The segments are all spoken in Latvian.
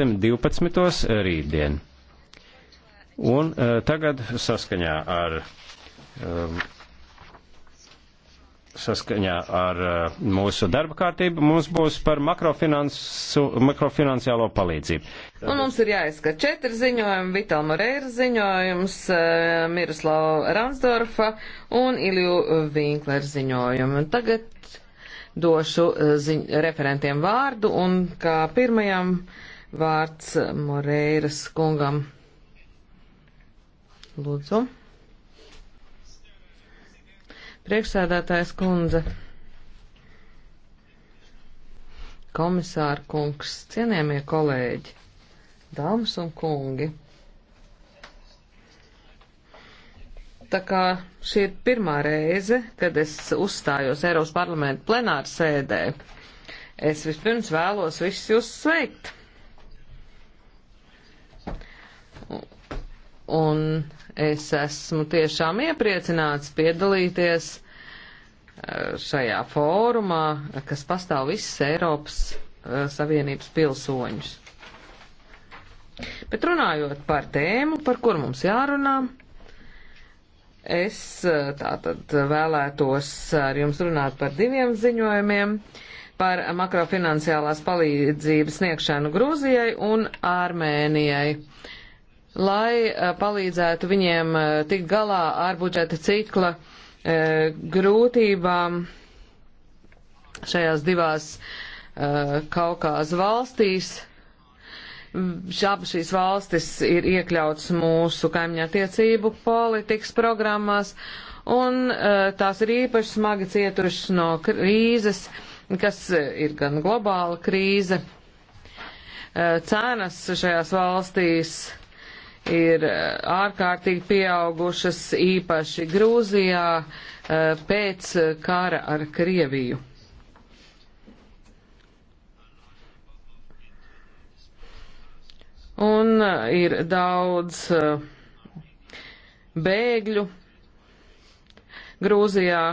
12. rītdien. Un uh, tagad saskaņā ar. Um, saskaņā ar uh, mūsu darba kārtību mums būs par makrofinansiālo palīdzību. Un mums ir jāizskat četri ziņojumi, Vital Moreira ziņojums, uh, Miroslava Ramsdorfa un Ilju Vinklera ziņojumi. Tagad došu uh, ziņ referentiem vārdu un kā pirmajam uh, vārds Moreiras kungam. Lūdzu. Priekšsēdētājs kundze, komisāra kungs, cienījamie kolēģi, dāmas un kungi. Tā kā šī ir pirmā reize, kad es uzstājos Eiropas parlamenta plenārsēdē, es vispirms vēlos visus jūs sveikt Un es esmu tiešām iepriecināts piedalīties eh, šajā fórumā, kas pastāv visas Eiropas eh, Savienības pilsoņus. Bet runājot par tēmu, par kur mums jārunā, es eh, tātad vēlētos ar jums runāt par diviem ziņojumiem par makrofinansiālās palīdzības sniegšanu Grūzijai un Armēnijai. Uh, lai eh, palīdzētu viņiem eh, tikt galā ar budžeta cikla eh, grūtībām šajās divās Kaukāzu valstīs. Abas šīs valstis ir iekļautas mūsu kaimiņattiecību politikas programmās, un tās ir īpaši smagi cietušas no krīzes, kas ir gan globāla krīze. Cenas šajās valstīs ir eh, ārkārtīgi pieaugušas īpaši Grūzijā eh, pēc kara ar Krieviju. Un eh, ir daudz bēgļu Grūzijā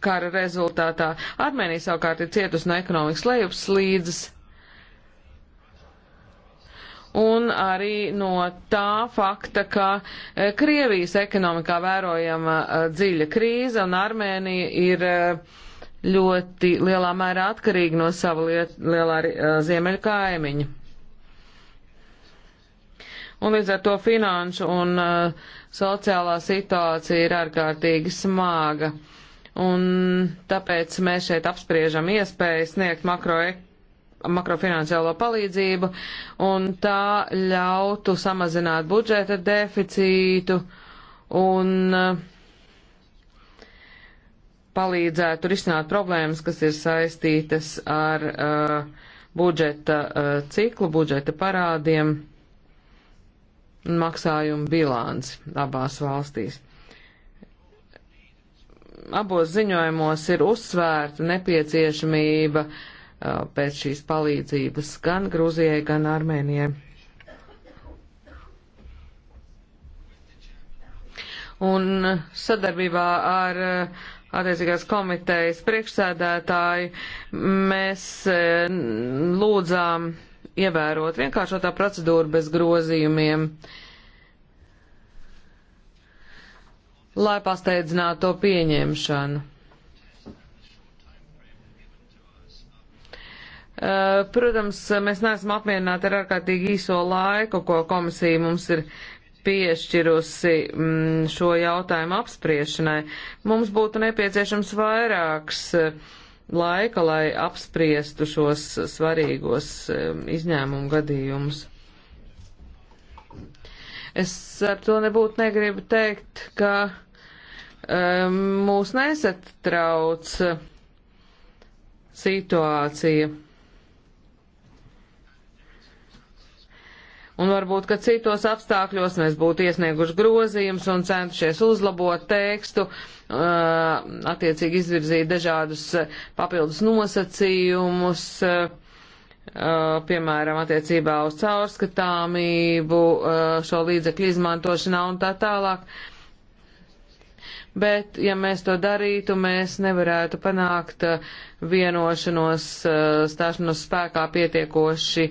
kara rezultātā. Armēnija savukārt ir cietusi no ekonomikas lejupslīdes un arī no tā fakta, ka e, Krievijas ekonomikā vērojama e, dziļa krīze un Armēnija ir e, ļoti lielā mērā atkarīga no sava liet, lielā ziemeļa kaimiņa. Un līdz ar to finanšu un uh, sociālā situācija ir ārkārtīgi smāga. Un tāpēc mēs šeit apspriežam iespēju sniegt makroekonomiku makrofinansiālo palīdzību, un tā ļautu samazināt budžeta deficītu un eh, palīdzētu risināt problēmas, kas ir saistītas ar uh, budžeta uh, ciklu, budžeta parādiem un maksājumu bilanci abās valstīs abos ziņojumos ir uzsvērta nepieciešamība pēc šīs palīdzības gan Grūzijai, gan Armēnijai. Un sadarbībā ar attiecīgās komitejas priekšsēdētāju mēs lūdzām ievērot vienkāršotā procedūra bez grozījumiem. lai pasteidzinātu to pieņemšanu. Eh, protams, mēs neesam apmierināti ar ārkārtīgi īso laiku, ko komisija mums ir piešķirusi mm, šo jautājumu apspriešanai. Mums būtu nepieciešams vairāks eh, laika, lai apspriestu šos svarīgos eh, izņēmumu gadījumus. Es ar to nebūtu negribu teikt, ka um, mūs nesatrauc situācija. Un varbūt, ka citos apstākļos mēs būtu iesnieguši grozījums un centušies uzlabot tekstu, uh, attiecīgi izvirzīt dažādus uh, papildus nosacījumus, uh, piemēram, attiecībā uz caurskatāmību, uh, šo līdzekļu izmantošanā un tā tālāk. Uh, bet ja mēs to darītu, mēs nevarētu panākt uh, vienošanos uh, stāšanos spēkā pietiekoši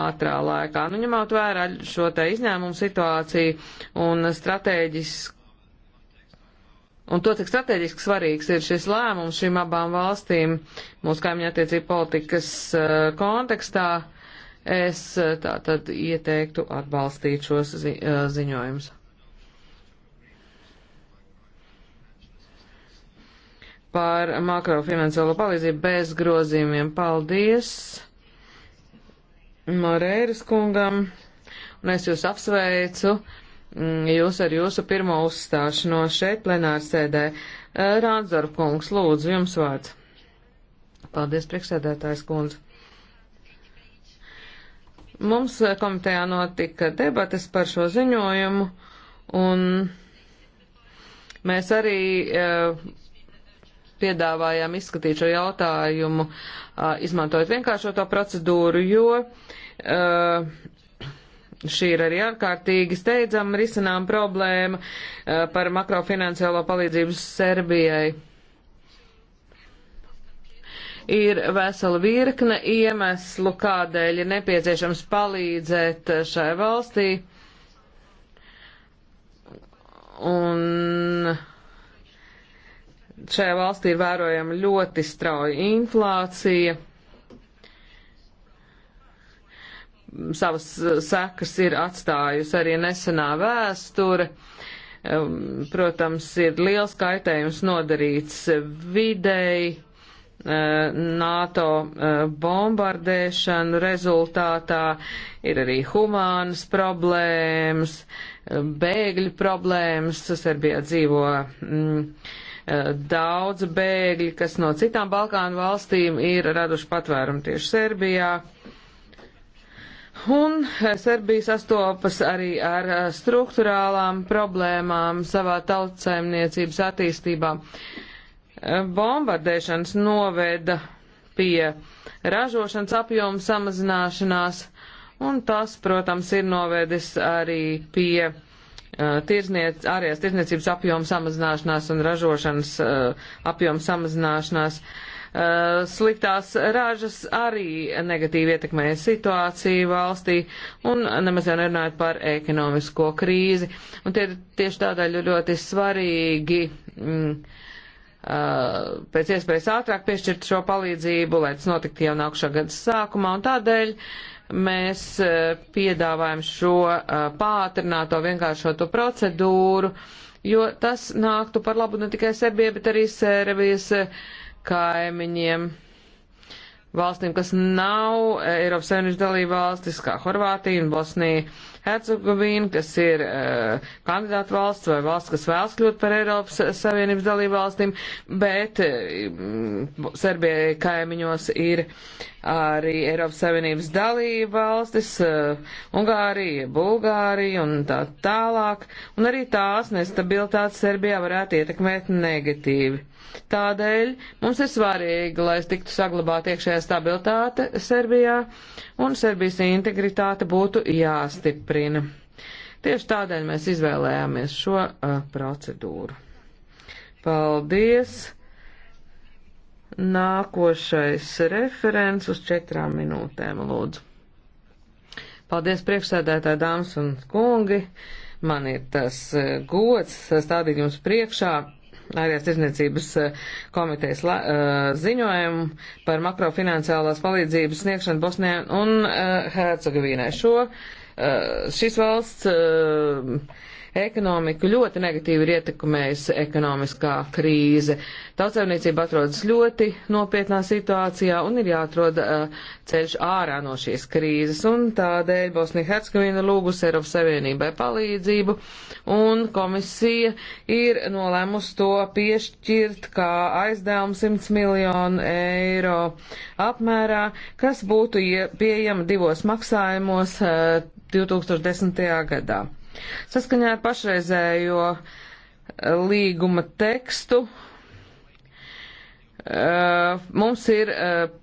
ātrā laikā. Nu, ņemot vērā šo te izņēmumu situāciju un strateģisku. Un to, cik strateģiski svarīgs ir šis lēmums šīm abām valstīm mūsu kaimiņa attiecību politikas uh, kontekstā, es tā tad ieteiktu atbalstīt šos zi ziņojumus. par makrofinansiālo palīdzību bez grozījumiem. Paldies Morēras kungam, un es jūs apsveicu mm, jūs ar jūsu pirmo uzstāšanos šeit plenārsēdē. Eh, Rādzor kungs, lūdzu, jums vārds. Paldies, priekšsēdētājs kundze. Mums eh, komitejā notika debates par šo ziņojumu, un mēs arī uh, piedāvājām izskatīt šo jautājumu, izmantojot vienkāršoto procedūru, jo šī ir arī ārkārtīgi steidzam risinām problēma par makrofinanciālo palīdzību Serbijai. Ir vesela virkne iemeslu, kādēļ ir nepieciešams palīdzēt šai valstī. Un šajā valstī ir vērojama ļoti strauja inflācija. Savas sekas ir atstājusi arī nesenā vēsture. Um, protams, ir liels kaitējums nodarīts videi. Uh, NATO uh, bombardēšanu rezultātā ir arī humānas problēmas, uh, bēgļu problēmas, Serbijā dzīvo mm, Eh, daudz bēgļi, kas no citām Balkānu valstīm ir raduši patvērumu tieši Serbijā. Un eh, Serbija sastopas arī ar eh, struktūrālām problēmām savā tautsēmniecības attīstībā. Bombardēšanas noveda pie ražošanas apjoma samazināšanās, un tas, protams, ir novedis arī pie Uh, tirzniec, ārējās tirzniecības apjoma samazināšanās un ražošanas uh, apjoma samazināšanās. Uh, sliktās ražas arī negatīvi ietekmē situāciju valstī un nemaz jau nerunājot par ekonomisko krīzi. Un tie, tieši tādēļ ļoti svarīgi. Mm, pēc iespējas ātrāk piešķirt šo palīdzību, lai tas notiktu jau nākušā gada sākumā, un tādēļ mēs e, piedāvājam šo e, pātrināto vienkāršoto procedūru, jo tas nāktu par labu ne tikai Serbijai, bet arī Serbijas e, kaimiņiem valstīm, kas nav Eiropas Savienības dalība valstis, kā Horvātija un Bosnija. Hercegovīnu, kas ir uh, kandidāta valsts vai valsts, kas vēlas kļūt par Eiropas Savienības dalību valstīm, bet uh, Serbijai kaimiņos ir arī Eiropas Savienības dalība valstis, uh, Ungārija, Bulgārija un tā tālāk, un arī tās nestabilitātes Serbijā varētu ietekmēt negatīvi. Tādēļ mums ir svarīgi, lai tiktu saglabāta iekšējā stabilitāte Serbijā un Serbijas integritāte būtu jāstiprina. Tieši tādēļ mēs izvēlējāmies šo uh, procedūru. Paldies! Nākošais referents uz četrām minūtēm, lūdzu. Paldies priekšsēdētāji dāmas un kungi! Man ir tas uh, gods stādīt jums priekšā ārējās tirzniecības eh, komitejas la, eh, ziņojumu par makrofinanciālās palīdzības sniegšanu Bosnijai un eh, Hercegovīnai. Šo šis valsts ekonomiku ļoti negatīvi ir ietekmējusi ekonomiskā krīze. Tautsēmniecība atrodas ļoti nopietnā situācijā un ir jāatrod uh, ceļš ārā no šīs krīzes, un tādēļ Bosnija Hercegovina lūgus Eiropas Savienībai palīdzību, un komisija ir nolēmusi to piešķirt kā aizdevumu 100 miljonu eiro apmērā, kas būtu pieejama divos maksājumos uh, eh, 2010. gadā. Saskaņā ar pašreizējo eh, līguma tekstu eh, mums ir eh,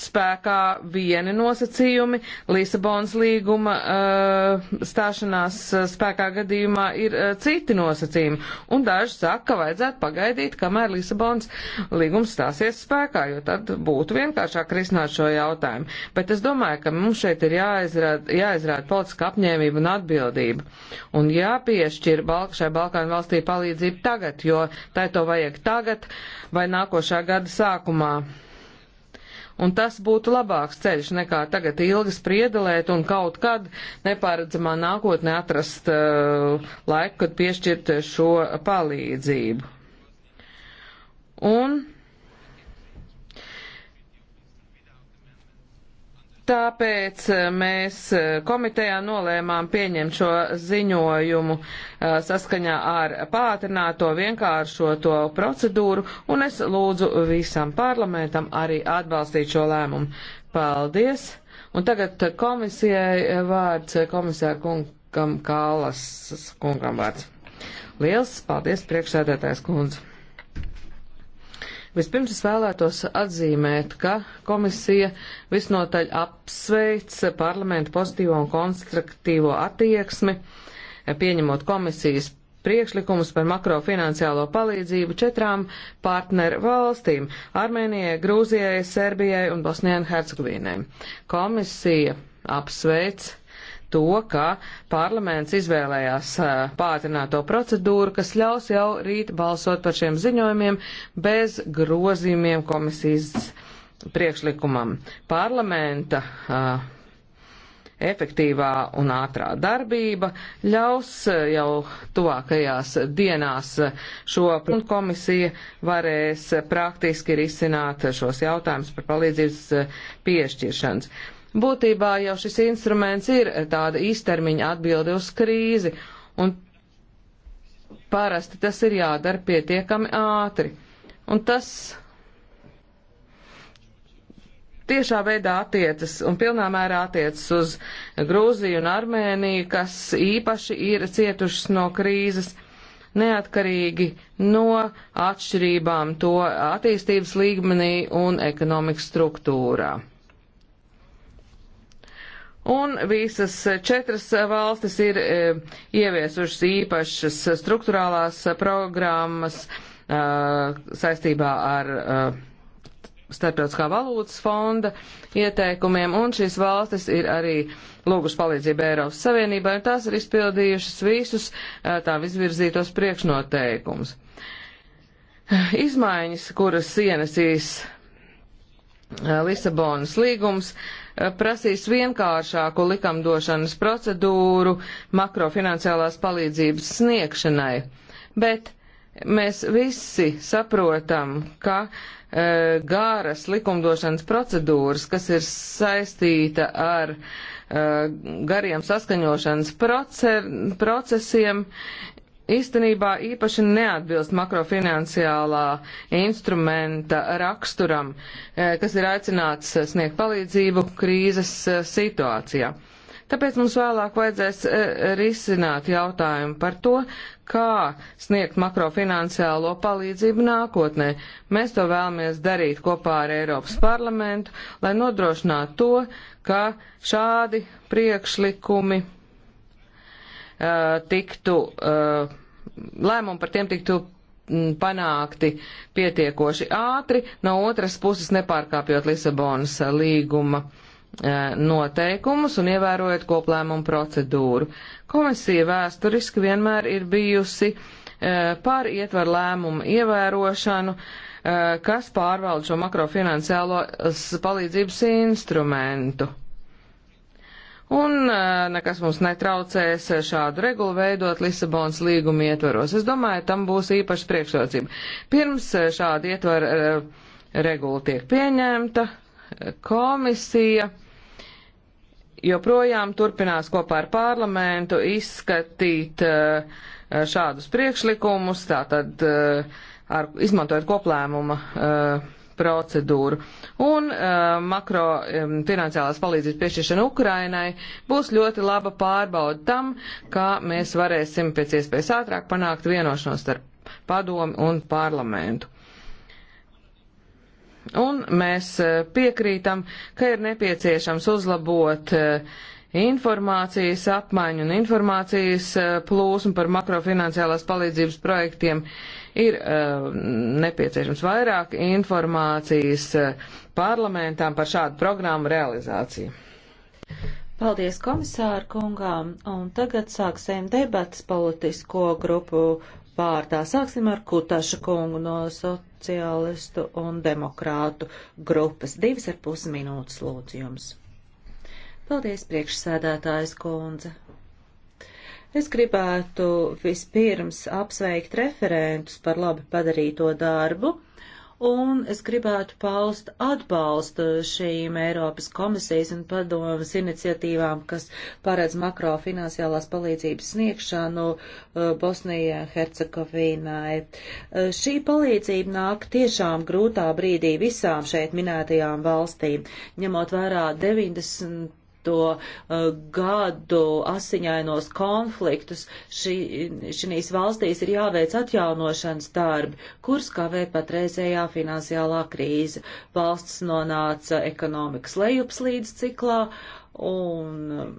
spēkā vieni nosacījumi. Lisabonas līguma uh, stāšanās eh, spēkā gadījumā ir uh, citi nosacījumi. Un daži saka, ka vajadzētu pagaidīt, kamēr Lisabonas līgums stāsies spēkā, jo tad būtu vienkāršāk risināt šo jautājumu. Bet es domāju, ka mums šeit ir jāizrāda, jāizrāda politiska apņēmība un atbildība. Un jāpiešķir Balk šai Balkānu valstī palīdzību tagad, jo tai to vajag tagad vai nākošā gada sākumā un tas būtu labāks ceļš nekā tagad ilgi spriedelēt un kaut kad neparedzamā nākotnē atrast uh, laiku, kad piešķirt šo palīdzību. Un Tāpēc eh, mēs eh, komitejā nolēmām pieņemt šo ziņojumu eh, saskaņā ar pātrināto vienkāršoto procedūru, un es lūdzu visam parlamentam arī atbalstīt šo lēmumu. Paldies! Un tagad komisijai vārds, komisijā kungam Kālas kungam vārds. Liels paldies priekšsēdētājs kundze! Vispirms es vēlētos atzīmēt, ka komisija visnotaļ apsveic parlamentu pozitīvo un konstruktīvo attieksmi, pieņemot komisijas priekšlikumus par makrofinanciālo palīdzību četrām partneru valstīm - Armēnijai, Grūzijai, Serbijai un Bosnijai un Hercegovīnai. Komisija apsveic to, ka parlaments izvēlējās pātrināto procedūru, kas ļaus jau rīt balsot par šiem ziņojumiem bez grozījumiem komisijas priekšlikumam. Parlamenta uh, efektīvā un ātrā darbība ļaus jau tuvākajās dienās šo komisija varēs praktiski risināt šos jautājumus par palīdzības piešķiršanas. Uh, Būtībā jau šis instruments ir tāda īstermiņa atbildi uz krīzi, un parasti tas ir jādara pietiekami ātri. Un tas tiešā veidā attiecas un pilnā mērā attiecas uz Grūziju un Armēniju, kas īpaši ir cietušas no krīzes neatkarīgi no atšķirībām to attīstības līmenī un ekonomikas struktūrā. Un visas četras valstis ir e, ieviesušas īpašas struktūrālās programmas e, saistībā ar e, Starptautiskā valūtas fonda ieteikumiem, un šīs valstis ir arī lūguši palīdzību Eiropas Savienībai, un tās ir izpildījušas visus tām izvirzītos priekšnoteikumus. Izmaiņas, kuras ienesīs Lisabonas līgums, uh, Eh, prasīs vienkāršāku likumdošanas procedūru makrofinanciālās palīdzības sniegšanai. Bet mēs visi saprotam, ka e, gāras likumdošanas procedūras, kas ir saistīta ar e, gariem saskaņošanas procer, procesiem, īstenībā īpaši neatbilst makrofinansiālā instrumenta raksturam, eh, kas ir aicināts sniegt palīdzību krīzes eh, situācijā. Tāpēc mums vēlāk vajadzēs eh, risināt jautājumu par to, kā sniegt makrofinansiālo palīdzību nākotnē. Mēs to vēlamies darīt kopā ar Eiropas parlamentu, lai nodrošinātu to, ka šādi priekšlikumi Uh, tiktu, uh, lēmumi par tiem tiktu mm, panākti pietiekoši ātri, no otras puses nepārkāpjot Lisabonas līguma uh, noteikumus un ievērojot koplēmumu procedūru. Komisija vēsturiski vienmēr ir bijusi par ietvaru lēmumu ievērošanu, kas pārvalda šo makrofinanciālo palīdzības instrumentu un nekas mums netraucēs šādu regulu veidot Lisabonas līguma ietvaros. Es domāju, tam būs īpašs priekšrocība. Pirms šāda ietvara regula tiek pieņemta, komisija joprojām turpinās kopā ar parlamentu izskatīt šādus priekšlikumus, tātad ar, izmantojot koplēmuma procedūru. Un uh, makro um, finansiālās palīdzības piešķiršana Ukrainai būs ļoti laba pārbauda tam, kā mēs varēsim pēc iespējas ātrāk panākt vienošanos starp padomu un parlamentu. Un mēs uh, piekrītam, ka ir nepieciešams uzlabot uh, informācijas apmaiņu un informācijas uh, plūsmu par makrofinanciālās palīdzības projektiem. Uh, ir uh, nepieciešams vairāk informācijas uh, parlamentām par šādu programmu realizāciju. Paldies komisāru kungām, un tagad sāksim debats politisko grupu vārdā. Sāksim ar Kutaša kungu no sociālistu un demokrātu grupas. Divas ar pus minūtes lūdzu jums. Paldies, priekšsēdētājs kundze. Es gribētu vispirms apsveikt referentus par labi padarīto darbu, un es gribētu paust atbalstu šīm Eiropas komisijas un padomas iniciatīvām, kas paredz makrofinansiālās palīdzības sniegšanu uh, Bosnijā, Hercegovīnai. Uh, šī palīdzība nāk tiešām grūtā brīdī visām šeit minētajām valstīm, ņemot vērā 90 Uh, gadu asiņainos konfliktus, Ši, šīs valstīs ir jāveic atjaunošanas darbi, kurus kavē patreizējā finansiālā krīze. Valsts nonāca ekonomikas lejupslīdes ciklā un um,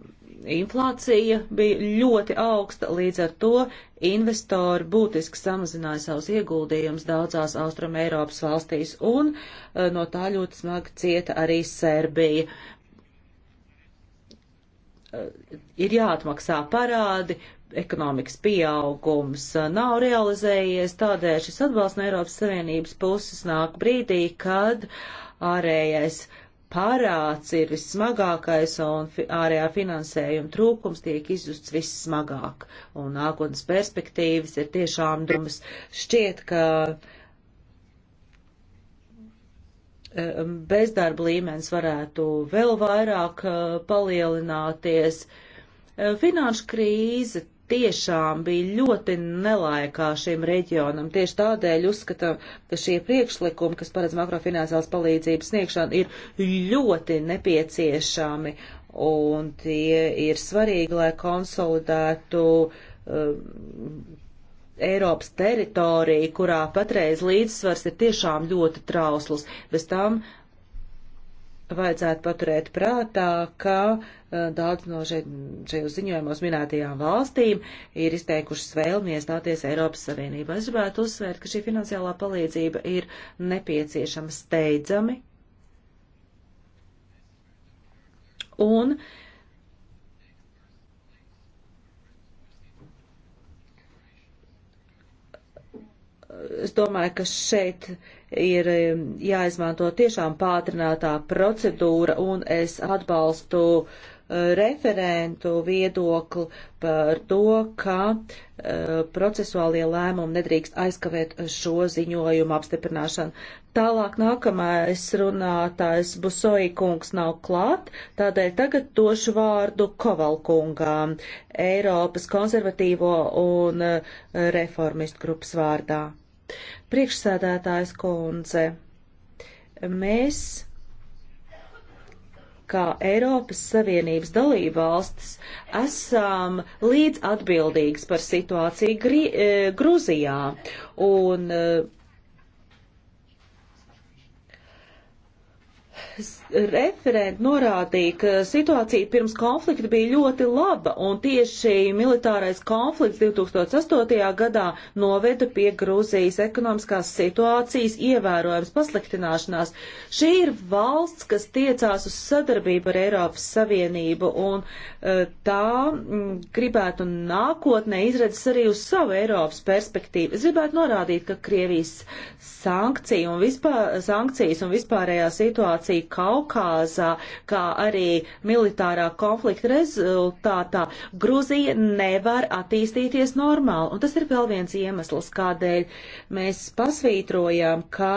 inflācija bija ļoti augsta, līdz ar to investori būtiski samazināja savus ieguldījumus daudzās Austrum Eiropas valstīs, un uh, no tā ļoti smagi cieta arī Serbija. Eh, ir jāatmaksā parādi, ekonomikas pieaugums eh, nav realizējies, tādēļ šis atbalsts no Eiropas Savienības puses nāk brīdī, kad ārējais parāds ir vissmagākais un fi ārējā finansējuma trūkums tiek izjusts vissmagāk. Un nākotnes perspektīvas ir tiešām drumas. Šķiet, ka uh, Um, bezdarba līmenis varētu vēl vairāk uh, palielināties. Uh, finanšu krīze tiešām bija ļoti nelaikā šim reģionam. Tieši tādēļ uzskatām, ka šie priekšlikumi, kas paredz makrofinansāls palīdzības sniegšanu, ir ļoti nepieciešami un tie ir svarīgi, lai konsolidētu um, Eiropas teritoriju, kurā patreiz līdzsvars ir tiešām ļoti trausls. Bez tam vajadzētu paturēt prātā, ka uh, daudz no šeit, šajos ziņojumos minētajām valstīm ir izteikušas vēlmi iestāties Eiropas Savienībā. Es gribētu uzsvērt, ka šī finansiālā palīdzība ir nepieciešama steidzami. Un uh, es domāju, ka šeit ir um, jāizmanto tiešām pātrinātā procedūra, un es atbalstu uh, referentu viedokli par to, ka uh, procesuālie lēmumi nedrīkst aizkavēt šo ziņojumu apstiprināšanu. Tālāk nākamais runātājs Busoji kungs nav klāt, tādēļ tagad došu vārdu Kovalkungām, Eiropas konservatīvo un uh, reformistu grupas vārdā. Priekšsēdētājs kundze, mēs, kā Eiropas Savienības dalībvalstis, esam līdz atbildīgs par situāciju Grī eh, Gruzijā. Un, uh, referenti norādīja, ka situācija pirms konflikta bija ļoti laba, un tieši militārais konflikts 2008. gadā noveda pie Grūzijas ekonomiskās situācijas ievērojams pasliktināšanās. Šī ir valsts, kas tiecās uz sadarbību ar Eiropas Savienību, un eh, tā mm, gribētu nākotnē izredzes arī uz savu Eiropas perspektīvu. Es gribētu norādīt, ka Krievijas sankcija un vispār, sankcijas un vispārējā situācija situācija Kaukāzā, kā arī militārā konflikta rezultātā, Gruzija nevar attīstīties normāli. Un tas ir vēl viens iemesls, kādēļ mēs pasvītrojam, ka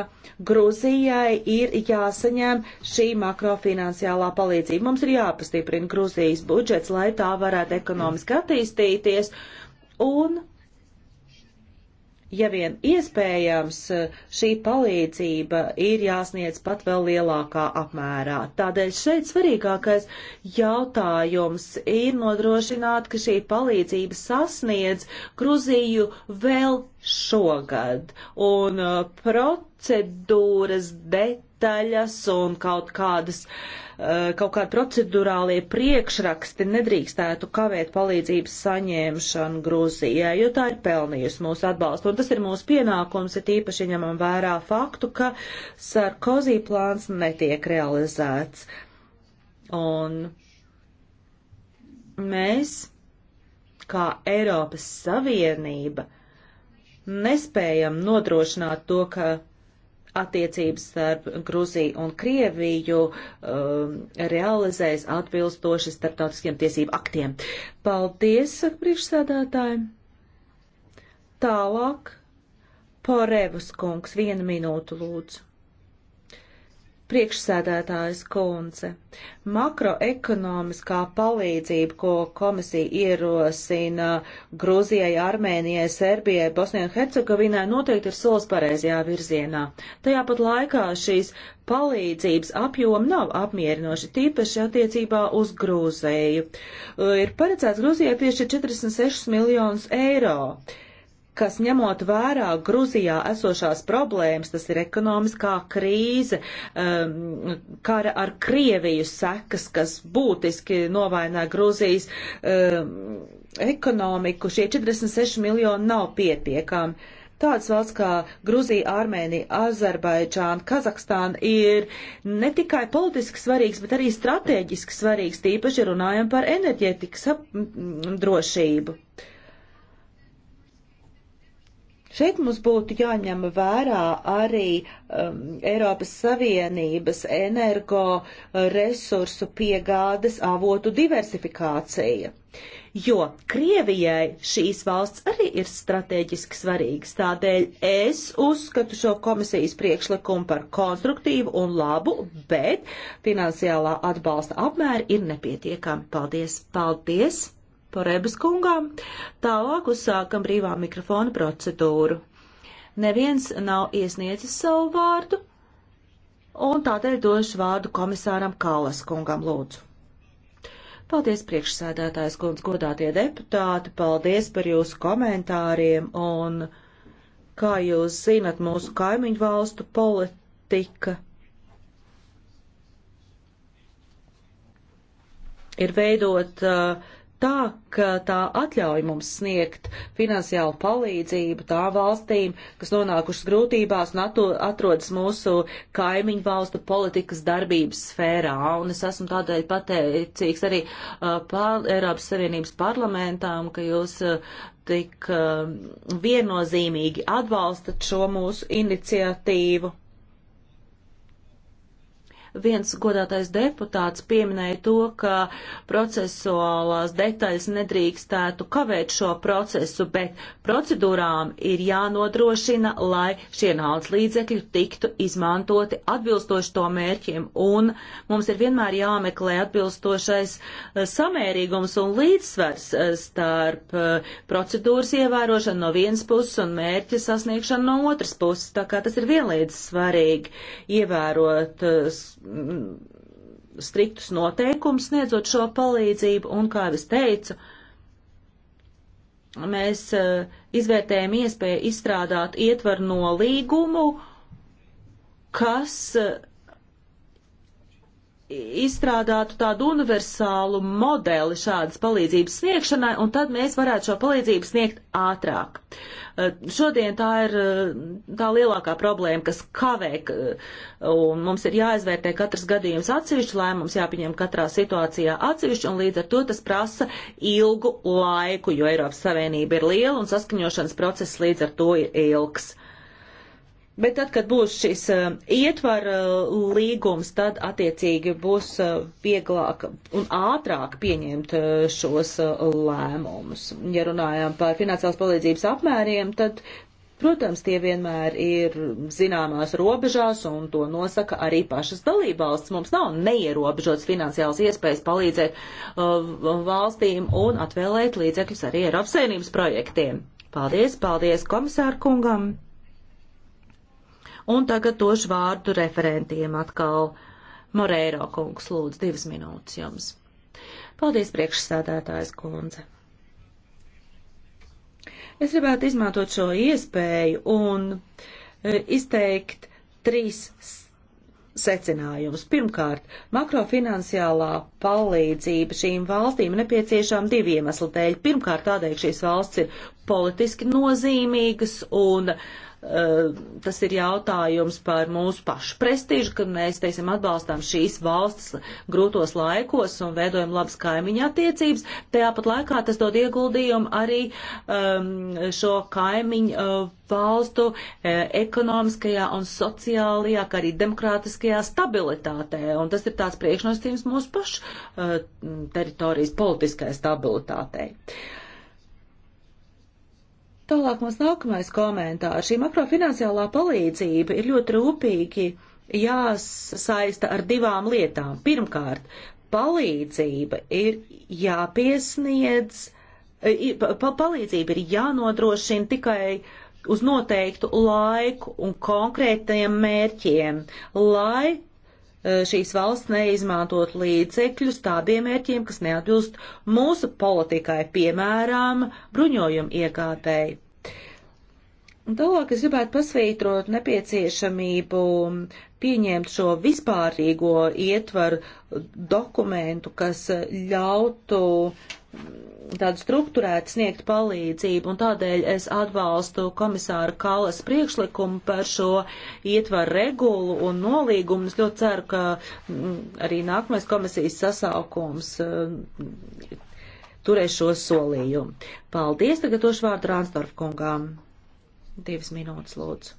Gruzijai ir jāsaņem šī makrofinansiālā palīdzība. Mums ir jāpastiprina Gruzijas budžets, lai tā varētu ekonomiski attīstīties. Un ja vien iespējams, šī palīdzība ir jāsniedz pat vēl lielākā apmērā. Tādēļ šeit svarīgākais jautājums ir nodrošināt, ka šī palīdzība sasniedz Gruziju vēl šogad, un uh, procedūras detaļas un kaut kādas, uh, kaut kādi procedurālie priekšraksti nedrīkstētu kavēt palīdzības saņemšanu Grūzijai, jo tā ir pelnījusi mūsu atbalstu. Un tas ir mūsu pienākums, ir īpaši ņemam vērā faktu, ka Sarkozī plāns netiek realizēts. Un mēs, kā Eiropas Savienība, nespējam nodrošināt to, ka attiecības starp Gruziju un Krieviju um, realizēs atbilstoši starptautiskiem tiesību aktiem. Paldies, priekšsēdētāji! Tālāk, Porevas kungs, vienu minūtu lūdzu. Priekšsēdētājs kundze, makroekonomiskā palīdzība, ko komisija ierosina Grūzijai, Armēnijai, Serbijai, Bosnijai un Hercegovinai, noteikti ir solis pareizajā virzienā. Tajā pat laikā šīs palīdzības apjoma nav apmierinoši, tīpaši attiecībā uz Grūzēju. Ir paredzēts Grūzijai piešķirt 46 miljonus eiro kas ņemot vērā Gruzijā esošās problēmas, tas ir ekonomiskā krīze, um, kara ar Krieviju sekas, kas būtiski novainā Gruzijas um, ekonomiku, šie 46 miljoni nav pietiekami. Tāds valsts kā Gruzija, Armēnija, Azerbaidžāna, Kazahstāna ir ne tikai politiski svarīgs, bet arī strateģiski svarīgs, tīpaši runājam par enerģētikas drošību. Uh, Šeit mums būtu jāņem vērā arī um, Eiropas Savienības energo uh, resursu piegādes avotu diversifikācija. Jo Krievijai šīs valsts arī ir strateģiski svarīgas, tādēļ es uzskatu šo komisijas priekšlikumu par konstruktīvu un labu, bet finansiālā atbalsta apmēri ir nepietiekami. Paldies! Paldies! Porebas kungām. Tālāk uzsākam brīvā mikrofona procedūru. Neviens nav iesniedzis savu vārdu, un tādēļ došu vārdu komisāram Kalas kungam lūdzu. Paldies, priekšsēdētājs kundz, godātie deputāti, paldies par jūsu komentāriem, un, kā jūs zinat, mūsu kaimiņu valstu politika ir veidot uh, tā, ka tā atļauj mums sniegt finansiālu palīdzību tām valstīm, kas nonākušas grūtībās un atrodas mūsu kaimiņu valstu politikas darbības sfērā. Un es esmu tādēļ pateicīgs arī uh, pār, Eiropas Savienības parlamentām, ka jūs uh, tik uh, viennozīmīgi atbalstat šo mūsu iniciatīvu viens godātais deputāts pieminēja to, ka procesuālās detaļas nedrīkstētu kavēt šo procesu, bet procedūrām ir jānodrošina, lai šie naudas līdzekļi tiktu izmantoti atbilstoši to mērķiem, un mums ir vienmēr jāmeklē atbilstošais eh, samērīgums un līdzsvars eh, starp eh, procedūras ievērošanu no vienas puses un mērķa sasniegšanu no otras puses. Tā kā tas ir vienlīdz svarīgi ievērot Mm, striktus noteikumus sniedzot šo palīdzību, un, kā jau es teicu, mēs eh, izvērtējam iespēju izstrādāt ietvaru no līgumu, kas eh, izstrādātu tādu universālu modeli šādas palīdzības sniegšanai, un tad mēs varētu šo palīdzību sniegt ātrāk. Eh, šodien tā ir eh, tā lielākā problēma, kas kavē, eh, un mums ir jāizvērtē katrs gadījums atsevišķi, lēmums jāpieņem katrā situācijā atsevišķi, un līdz ar to tas prasa ilgu laiku, jo Eiropas Savienība ir liela, un saskaņošanas process līdz ar to ir ilgs. Bet tad, kad būs šis uh, eh, ietvara uh, eh, līgums, tad attiecīgi būs uh, vieglāk un ātrāk pieņemt uh, šos uh, lēmumus. Ja runājam par finansiālas palīdzības apmēriem, tad, protams, tie vienmēr ir zināmās robežās un to nosaka arī pašas dalībvalsts. Mums nav neierobežots finansiāls iespējas palīdzēt uh, valstīm un atvēlēt līdzekļus arī Eiropas saimnības projektiem. Paldies, paldies komisāru kungam! Un tagad došu vārdu referentiem atkal. Moreiro kungs, lūdzu, divas minūtes jums. Paldies, priekšsādātājs kundze. Es gribētu izmantot šo iespēju un e, izteikt trīs secinājumus. Pirmkārt, makrofinansiālā palīdzība šīm valstīm nepieciešām divu iemeslu dēļ. Pirmkārt, tādēļ šīs valsts ir politiski nozīmīgas un uh, Eh, tas ir jautājums par mūsu pašu prestižu, kad mēs, teiksim, atbalstām šīs valsts grūtos laikos un veidojam labas kaimiņa attiecības. Tajāpat laikā tas dod ieguldījumu arī um, šo kaimiņu uh, valstu uh, ekonomiskajā un sociālajā, kā arī demokrātiskajā stabilitātē. Un tas ir tāds priekšnosacījums mūsu pašu uh, teritorijas politiskai stabilitātei. Uh, Tālāk mums nākamais komentārs. Šī makrofinansiālā palīdzība ir ļoti rūpīgi jāsaista ar divām lietām. Pirmkārt, palīdzība ir jāpiesniedz, palīdzība ir jānodrošina tikai uz noteiktu laiku un konkrētajiem mērķiem, lai E, šīs valsts neizmantot līdzekļus tādiem mērķiem, kas neatbilst mūsu politikai, piemēram, bruņojumu iegādēji. Tālāk es gribētu pasvītrot nepieciešamību pieņemt šo vispārīgo ietvaru dokumentu, kas ļautu mm, tādu struktūrētu sniegt palīdzību, un tādēļ es atbalstu komisāru Kalas priekšlikumu par šo ietvaru regulu un nolīgumu. Es ļoti ceru, ka mm, arī nākamais komisijas sasaukums mm, turēs šo solījumu. Paldies, tagad došu vārdu Rānsdorf kungām. Divas minūtes, lūdzu.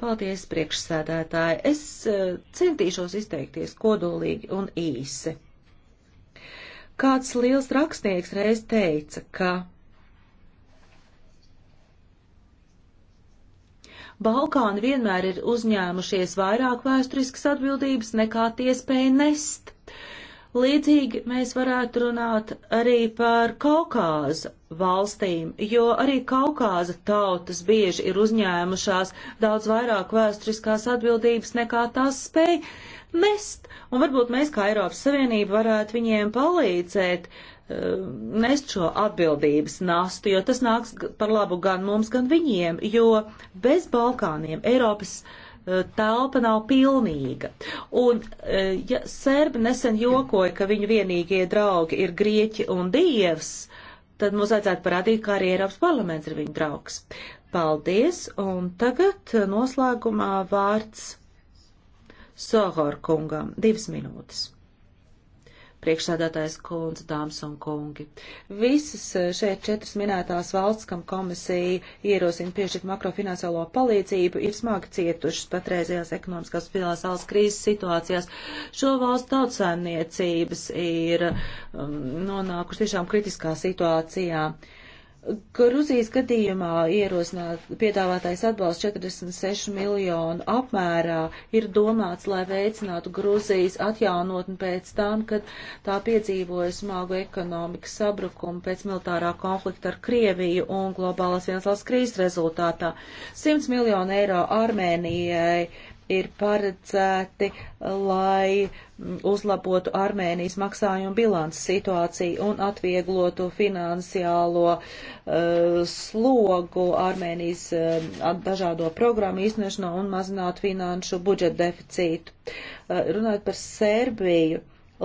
Paldies, priekšsēdētāji. Es eh, centīšos izteikties kodolīgi un īsi. Kāds liels rakstnieks reiz teica, ka Balkāni vienmēr ir uzņēmušies vairāk vēsturiskas atbildības nekā tie spēja nest. Līdzīgi mēs varētu runāt arī par Kaukāza valstīm, jo arī Kaukāza tautas bieži ir uzņēmušās daudz vairāk vēsturiskās atbildības nekā tās spēja nest. Un varbūt mēs kā Eiropas Savienība varētu viņiem palīdzēt eh, nest šo atbildības nastu, jo tas nāks par labu gan mums, gan viņiem, jo bez Balkāniem Eiropas Savienība telpa nav pilnīga. Un e, ja serbi nesen jokoja, ka viņu vienīgie draugi ir Grieķi un Dievs, tad mums vajadzētu parādīt, kā arī Eiropas parlaments ir viņu draugs. Paldies, un tagad noslēgumā vārds Sohor kungam. Divas minūtes priekšsēdētājs kundze, dāmas un kungi. Visas e, šeit četras minētās valsts, kam komisija ierosina piešķirt makrofinansālo palīdzību, ir smagi cietušas patreizajās ekonomiskās finansālas krīzes situācijās. Šo valstu tautsēmniecības ir um, nonākuši tiešām kritiskā situācijā. Uh, Gruzijas gadījumā ierosināt piedāvātais atbalsts 46 miljonu apmērā ir domāts, lai veicinātu Gruzijas atjaunotni pēc tam, kad tā piedzīvoja smagu ekonomikas sabrukumu pēc militārā konflikta ar Krieviju un globālās vienaslas krīzes rezultātā. 100 miljonu eiro Armēnijai ir paredzēti, lai mm, uzlabotu Armēnijas maksājumu bilances situāciju un atvieglotu finansiālo uh, slogu Armēnijas uh, dažādo programmu īstenošanā un mazinātu finanšu budžeta deficītu. Uh, runājot par Sērbiju,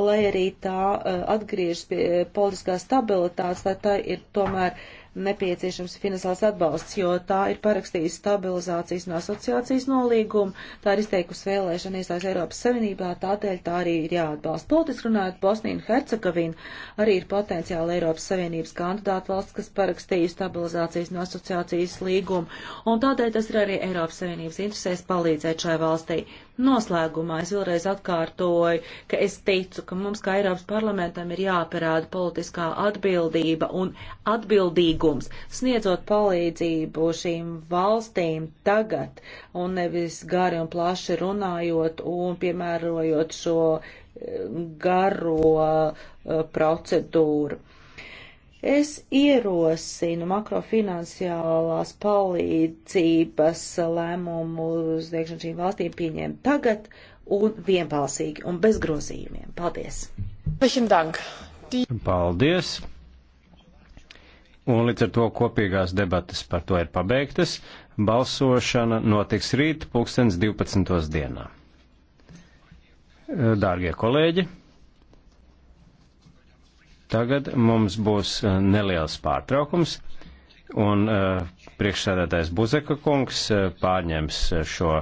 lai arī tā uh, atgriežas pie uh, politiskās stabilitātes, tā tā ir tomēr uh, nepieciešams finansiāls atbalsts, jo tā ir parakstījusi stabilizācijas un no asociācijas nolīgumu, tā ir izteikusi vēlēšana iestājas Eiropas Savienībā, tādēļ tā arī ir jāatbalsta. Politiski runājot, Bosnija un Hercegovina arī ir potenciāli Eiropas Savienības kandidāta valsts, kas parakstījusi stabilizācijas un no asociācijas līgumu, un tādēļ tas ir arī Eiropas Savienības interesēs palīdzēt šai valstī. Noslēgumā es vēlreiz atkārtoju, ka es ticu, ka mums kā Eiropas parlamentam ir jāparāda politiskā atbildība un atbildīgums, sniedzot palīdzību šīm valstīm tagad un nevis gari un plaši runājot un piemērojot šo eh, garo eh, procedūru. Es ierosinu makrofinansiālās palīdzības lēmumu sniegšanu šīm valstīm pieņemt tagad un vienbalsīgi un bez grozījumiem. Paldies! Paldies! Un līdz ar to kopīgās debatas par to ir pabeigtas. Balsošana notiks rīt, pulkstens 12. dienā. Dārgie kolēģi! Tagad mums būs eh, neliels pārtraukums, un eh, priekšsēdētājs Buzeka kungs eh, pārņems šo